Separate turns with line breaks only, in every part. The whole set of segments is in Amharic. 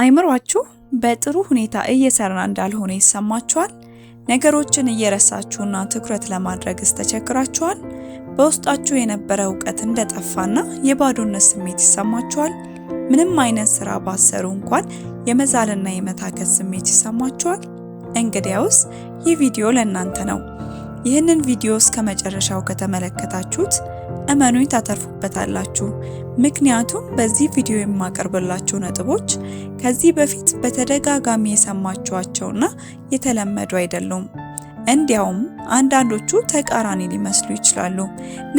አይምሯችሁ በጥሩ ሁኔታ እየሰራ እንዳልሆነ ይሰማችኋል? ነገሮችን እየረሳችሁና ትኩረት ለማድረግስ ተቸግራችኋል? በውስጣችሁ የነበረ እውቀት እንደጠፋና የባዶነት ስሜት ይሰማችኋል? ምንም አይነት ስራ ባሰሩ እንኳን የመዛልና የመታከት ስሜት ይሰማችኋል? እንግዲያውስ ይህ ቪዲዮ ለእናንተ ነው። ይህንን ቪዲዮ እስከ መጨረሻው ከተመለከታችሁት እመኑኝ ታተርፉበታላችሁ። ምክንያቱም በዚህ ቪዲዮ የማቀርብላችሁ ነጥቦች ከዚህ በፊት በተደጋጋሚ የሰማችኋቸውና የተለመዱ አይደሉም። እንዲያውም አንዳንዶቹ ተቃራኒ ሊመስሉ ይችላሉ።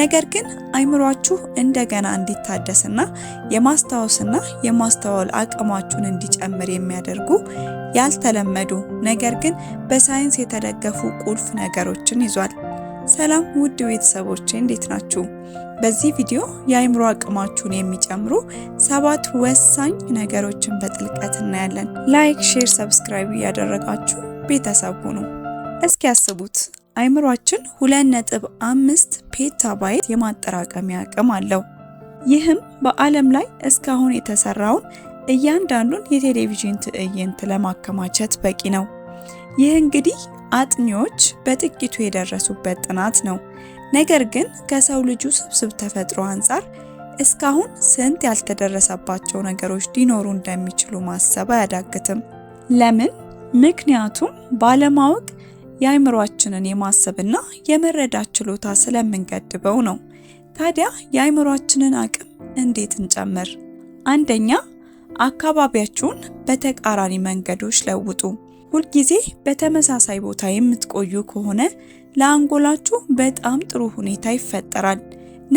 ነገር ግን አይምሯችሁ እንደገና እንዲታደስና የማስታወስና የማስተዋል አቅማችሁን እንዲጨምር የሚያደርጉ ያልተለመዱ ነገር ግን በሳይንስ የተደገፉ ቁልፍ ነገሮችን ይዟል። ሰላም ውድ ቤተሰቦቼ እንዴት ናችሁ? በዚህ ቪዲዮ የአእምሮ አቅማችሁን የሚጨምሩ ሰባት ወሳኝ ነገሮችን በጥልቀት እናያለን። ላይክ፣ ሼር፣ ሰብስክራይብ እያደረጋችሁ ቤተሰብ ሁኑ። እስኪ ያስቡት አእምሯችን 2.5 ፔታባይት የማጠራቀሚያ አቅም አለው። ይህም በዓለም ላይ እስካሁን የተሰራውን እያንዳንዱን የቴሌቪዥን ትዕይንት ለማከማቸት በቂ ነው። ይህ እንግዲህ አጥኚዎች በጥቂቱ የደረሱበት ጥናት ነው። ነገር ግን ከሰው ልጁ ስብስብ ተፈጥሮ አንጻር እስካሁን ስንት ያልተደረሰባቸው ነገሮች ሊኖሩ እንደሚችሉ ማሰብ አያዳግትም። ለምን? ምክንያቱም ባለማወቅ የአይምሯችንን የማሰብና የመረዳት ችሎታ ስለምንገድበው ነው። ታዲያ የአይምሯችንን አቅም እንዴት እንጨምር? አንደኛ አካባቢያችሁን በተቃራኒ መንገዶች ለውጡ። ሁልጊዜ በተመሳሳይ ቦታ የምትቆዩ ከሆነ ለአንጎላችሁ በጣም ጥሩ ሁኔታ ይፈጠራል።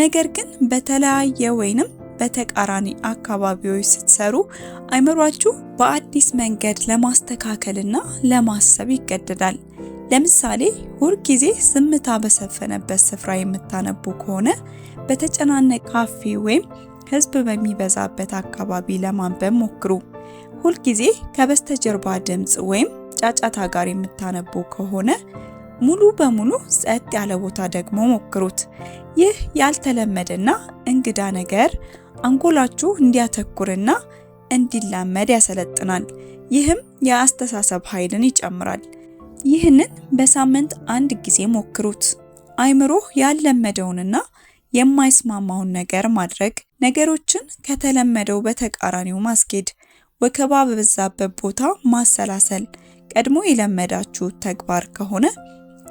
ነገር ግን በተለያየ ወይንም በተቃራኒ አካባቢዎች ስትሰሩ አይምሯችሁ በአዲስ መንገድ ለማስተካከልና ለማሰብ ይገደዳል። ለምሳሌ ሁልጊዜ ዝምታ በሰፈነበት ስፍራ የምታነቡ ከሆነ በተጨናነቀ ካፌ ወይም ሕዝብ በሚበዛበት አካባቢ ለማንበብ ሞክሩ። ሁልጊዜ ከበስተጀርባ ድምፅ ወይም ጫጫታ ጋር የምታነቡ ከሆነ ሙሉ በሙሉ ጸጥ ያለ ቦታ ደግሞ ሞክሩት። ይህ ያልተለመደና እንግዳ ነገር አንጎላችሁ እንዲያተኩርና እንዲላመድ ያሰለጥናል። ይህም የአስተሳሰብ ኃይልን ይጨምራል። ይህንን በሳምንት አንድ ጊዜ ሞክሩት። አይምሮህ ያልለመደውንና የማይስማማውን ነገር ማድረግ፣ ነገሮችን ከተለመደው በተቃራኒው ማስኬድ፣ ወከባ በበዛበት ቦታ ማሰላሰል ቀድሞ የለመዳችሁት ተግባር ከሆነ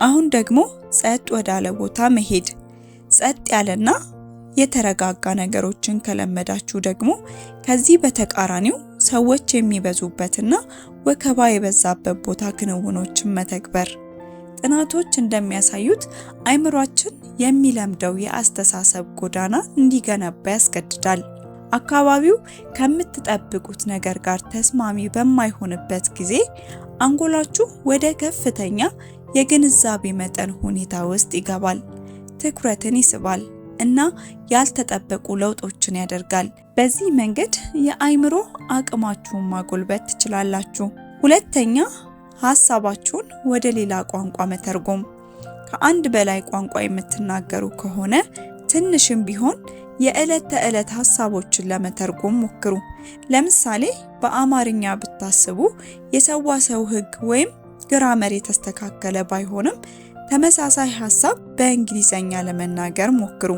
አሁን ደግሞ ጸጥ ወዳለ ቦታ መሄድ። ጸጥ ያለና የተረጋጋ ነገሮችን ከለመዳችሁ ደግሞ ከዚህ በተቃራኒው ሰዎች የሚበዙበትና ወከባ የበዛበት ቦታ ክንውኖችን መተግበር። ጥናቶች እንደሚያሳዩት አይምሯችን የሚለምደው የአስተሳሰብ ጎዳና እንዲገነባ ያስገድዳል። አካባቢው ከምትጠብቁት ነገር ጋር ተስማሚ በማይሆንበት ጊዜ አንጎላችሁ ወደ ከፍተኛ የግንዛቤ መጠን ሁኔታ ውስጥ ይገባል፣ ትኩረትን ይስባል እና ያልተጠበቁ ለውጦችን ያደርጋል። በዚህ መንገድ የአይምሮ አቅማችሁን ማጎልበት ትችላላችሁ። ሁለተኛ፣ ሀሳባችሁን ወደ ሌላ ቋንቋ መተርጎም። ከአንድ በላይ ቋንቋ የምትናገሩ ከሆነ ትንሽም ቢሆን የዕለት ተዕለት ሀሳቦችን ለመተርጎም ሞክሩ። ለምሳሌ በአማርኛ ብታስቡ የሰዋ ሰው ህግ ወይም ግራመር የተስተካከለ ባይሆንም ተመሳሳይ ሀሳብ በእንግሊዘኛ ለመናገር ሞክሩ፣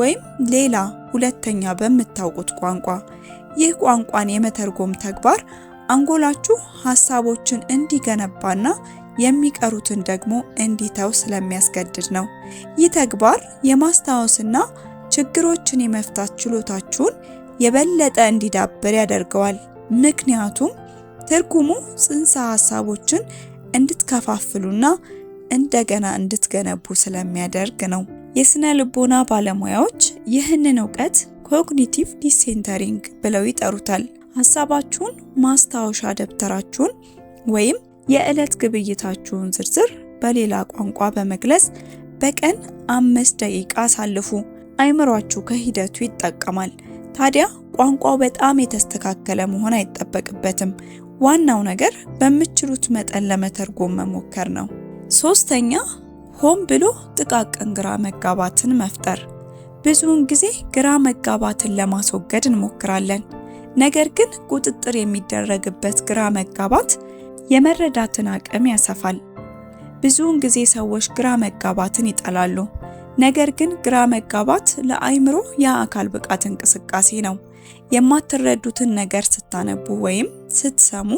ወይም ሌላ ሁለተኛ በምታውቁት ቋንቋ። ይህ ቋንቋን የመተርጎም ተግባር አንጎላችሁ ሀሳቦችን እንዲገነባና የሚቀሩትን ደግሞ እንዲተው ስለሚያስገድድ ነው። ይህ ተግባር የማስታወስና ችግሮችን የመፍታት ችሎታችሁን የበለጠ እንዲዳብር ያደርገዋል። ምክንያቱም ትርጉሙ ጽንሰ ሀሳቦችን እንድትከፋፍሉና እንደገና እንድትገነቡ ስለሚያደርግ ነው። የስነ ልቦና ባለሙያዎች ይህንን እውቀት ኮግኒቲቭ ዲሴንተሪንግ ብለው ይጠሩታል። ሀሳባችሁን ማስታወሻ ደብተራችሁን ወይም የዕለት ግብይታችሁን ዝርዝር በሌላ ቋንቋ በመግለጽ በቀን አምስት ደቂቃ አሳልፉ። አይምሯችሁ ከሂደቱ ይጠቀማል። ታዲያ ቋንቋው በጣም የተስተካከለ መሆን አይጠበቅበትም። ዋናው ነገር በምትችሉት መጠን ለመተርጎም መሞከር ነው። ሶስተኛ ሆን ብሎ ጥቃቅን ግራ መጋባትን መፍጠር። ብዙውን ጊዜ ግራ መጋባትን ለማስወገድ እንሞክራለን። ነገር ግን ቁጥጥር የሚደረግበት ግራ መጋባት የመረዳትን አቅም ያሰፋል። ብዙውን ጊዜ ሰዎች ግራ መጋባትን ይጠላሉ። ነገር ግን ግራ መጋባት ለአይምሮ የአካል ብቃት እንቅስቃሴ ነው። የማትረዱትን ነገር ስታነቡ ወይም ስትሰሙ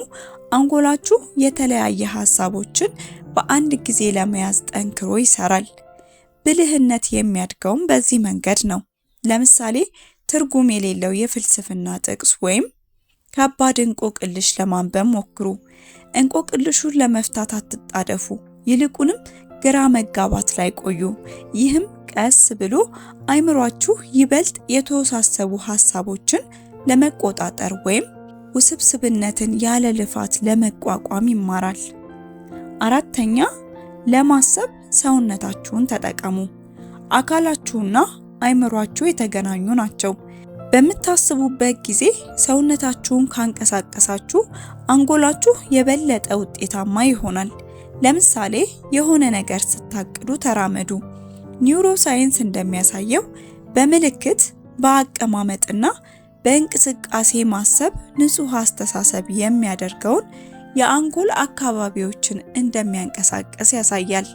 አንጎላችሁ የተለያየ ሀሳቦችን በአንድ ጊዜ ለመያዝ ጠንክሮ ይሰራል። ብልህነት የሚያድገውም በዚህ መንገድ ነው። ለምሳሌ ትርጉም የሌለው የፍልስፍና ጥቅስ ወይም ከባድ እንቆቅልሽ ለማንበብ ሞክሩ። እንቆቅልሹን ለመፍታት አትጣደፉ። ይልቁንም ግራ መጋባት ላይ ቆዩ። ይህም ቀስ ብሎ አይምሯችሁ ይበልጥ የተወሳሰቡ ሀሳቦችን ለመቆጣጠር ወይም ውስብስብነትን ያለ ልፋት ለመቋቋም ይማራል። አራተኛ ለማሰብ ሰውነታችሁን ተጠቀሙ። አካላችሁና አይምሯችሁ የተገናኙ ናቸው። በምታስቡበት ጊዜ ሰውነታችሁን ካንቀሳቀሳችሁ አንጎላችሁ የበለጠ ውጤታማ ይሆናል። ለምሳሌ የሆነ ነገር ስታቅዱ ተራመዱ። ኒውሮ ሳይንስ እንደሚያሳየው በምልክት በአቀማመጥና በእንቅስቃሴ ማሰብ ንጹህ አስተሳሰብ የሚያደርገውን የአንጎል አካባቢዎችን እንደሚያንቀሳቅስ ያሳያል።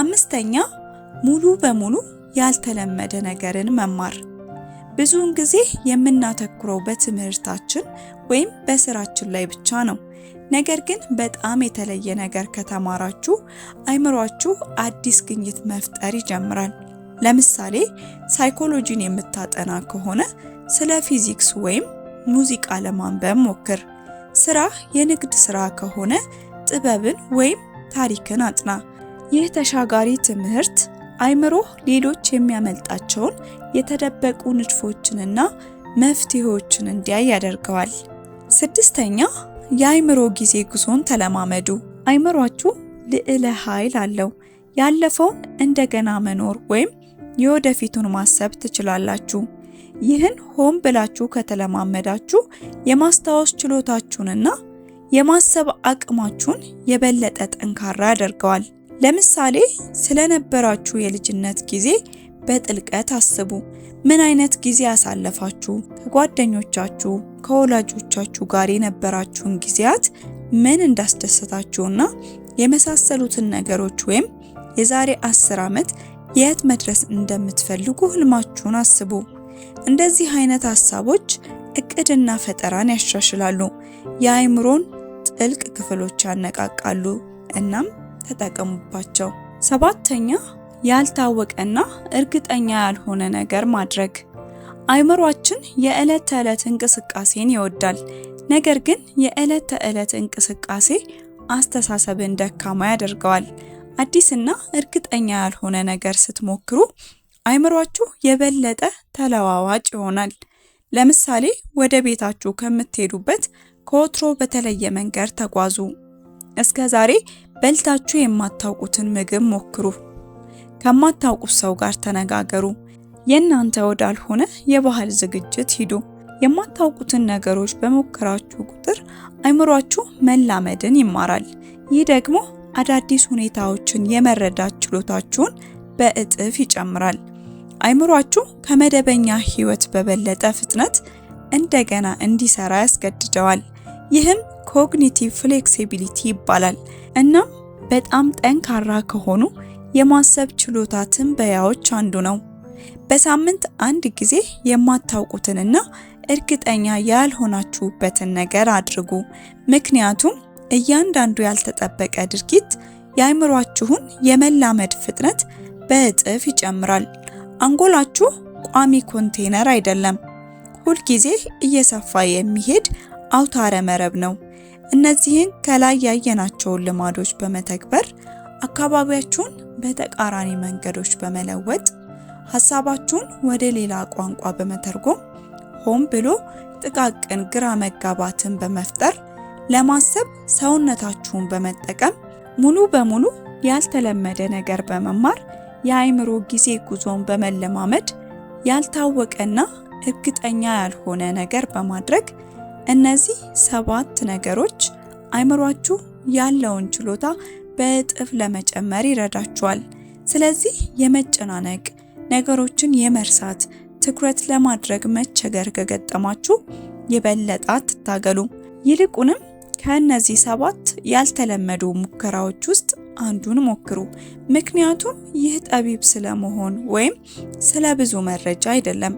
አምስተኛ ሙሉ በሙሉ ያልተለመደ ነገርን መማር። ብዙውን ጊዜ የምናተኩረው በትምህርታችን ወይም በስራችን ላይ ብቻ ነው። ነገር ግን በጣም የተለየ ነገር ከተማራችሁ አይምሯችሁ አዲስ ግኝት መፍጠር ይጀምራል። ለምሳሌ ሳይኮሎጂን የምታጠና ከሆነ ስለ ፊዚክስ ወይም ሙዚቃ ለማንበብ ሞክር። ስራ የንግድ ስራ ከሆነ ጥበብን ወይም ታሪክን አጥና። ይህ ተሻጋሪ ትምህርት አይምሮ ሌሎች የሚያመልጣቸውን የተደበቁ ንድፎችንና መፍትሄዎችን እንዲያይ ያደርገዋል። ስድስተኛ የአይምሮ ጊዜ ጉዞን ተለማመዱ። አይምሯችሁ ልዕለ ኃይል አለው። ያለፈውን እንደገና መኖር ወይም የወደፊቱን ማሰብ ትችላላችሁ። ይህን ሆን ብላችሁ ከተለማመዳችሁ የማስታወስ ችሎታችሁንና የማሰብ አቅማችሁን የበለጠ ጠንካራ ያደርገዋል። ለምሳሌ ስለነበራችሁ የልጅነት ጊዜ በጥልቀት አስቡ። ምን አይነት ጊዜ ያሳለፋችሁ? ከጓደኞቻችሁ ከወላጆቻችሁ ጋር የነበራችሁን ጊዜያት ምን እንዳስደሰታችሁና የመሳሰሉትን ነገሮች ወይም የዛሬ አስር ዓመት የት መድረስ እንደምትፈልጉ ህልማችሁን አስቡ። እንደዚህ አይነት ሀሳቦች እቅድና ፈጠራን ያሻሽላሉ፣ የአእምሮን ጥልቅ ክፍሎች ያነቃቃሉ። እናም ተጠቀሙባቸው። ሰባተኛ ያልታወቀና እርግጠኛ ያልሆነ ነገር ማድረግ። አይምሯችን የዕለት ተዕለት እንቅስቃሴን ይወዳል። ነገር ግን የዕለት ተዕለት እንቅስቃሴ አስተሳሰብን ደካማ ያደርገዋል። አዲስና እርግጠኛ ያልሆነ ነገር ስትሞክሩ አይምሯችሁ የበለጠ ተለዋዋጭ ይሆናል። ለምሳሌ ወደ ቤታችሁ ከምትሄዱበት ከወትሮ በተለየ መንገድ ተጓዙ። እስከ ዛሬ በልታችሁ የማታውቁትን ምግብ ሞክሩ። ከማታውቁት ሰው ጋር ተነጋገሩ። የእናንተ ወዳልሆነ የባህል ዝግጅት ሂዱ። የማታውቁትን ነገሮች በሞከራችሁ ቁጥር አይምሯችሁ መላመድን ይማራል። ይህ ደግሞ አዳዲስ ሁኔታዎችን የመረዳት ችሎታችሁን በእጥፍ ይጨምራል። አይምሯችሁ ከመደበኛ ህይወት በበለጠ ፍጥነት እንደገና እንዲሰራ ያስገድደዋል። ይህም ኮግኒቲቭ ፍሌክሲቢሊቲ ይባላል። እናም በጣም ጠንካራ ከሆኑ የማሰብ ችሎታትን በያዎች አንዱ ነው። በሳምንት አንድ ጊዜ የማታውቁትንና እርግጠኛ ያልሆናችሁበትን ነገር አድርጉ። ምክንያቱም እያንዳንዱ ያልተጠበቀ ድርጊት የአይምሯችሁን የመላመድ ፍጥነት በእጥፍ ይጨምራል። አንጎላችሁ ቋሚ ኮንቴነር አይደለም፣ ሁልጊዜ እየሰፋ የሚሄድ አውታረ መረብ ነው። እነዚህን ከላይ ያየናቸውን ልማዶች በመተግበር አካባቢያችሁን በተቃራኒ መንገዶች በመለወጥ ሀሳባችሁን ወደ ሌላ ቋንቋ በመተርጎም ሆን ብሎ ጥቃቅን ግራ መጋባትን በመፍጠር ለማሰብ ሰውነታችሁን በመጠቀም ሙሉ በሙሉ ያልተለመደ ነገር በመማር የአእምሮ ጊዜ ጉዞን በመለማመድ ያልታወቀና እርግጠኛ ያልሆነ ነገር በማድረግ እነዚህ ሰባት ነገሮች አእምሯችሁ ያለውን ችሎታ በእጥፍ ለመጨመር ይረዳችኋል። ስለዚህ የመጨናነቅ ነገሮችን የመርሳት ትኩረት ለማድረግ መቸገር ከገጠማችሁ የበለጠ አትታገሉ። ይልቁንም ከእነዚህ ሰባት ያልተለመዱ ሙከራዎች ውስጥ አንዱን ሞክሩ። ምክንያቱም ይህ ጠቢብ ስለመሆን ወይም ስለ ብዙ መረጃ አይደለም።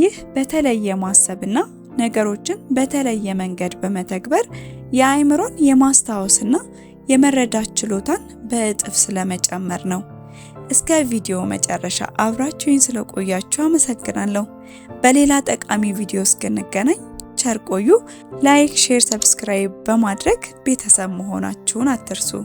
ይህ በተለየ ማሰብና ነገሮችን በተለየ መንገድ በመተግበር የአእምሮን የማስታወስና የመረዳት ችሎታን በእጥፍ ስለመጨመር ነው። እስከ ቪዲዮ መጨረሻ አብራችሁኝ ስለቆያችሁ አመሰግናለሁ። በሌላ ጠቃሚ ቪዲዮ እስክንገናኝ ቸር ቆዩ። ላይክ፣ ሼር፣ ሰብስክራይብ በማድረግ ቤተሰብ መሆናችሁን አትርሱ።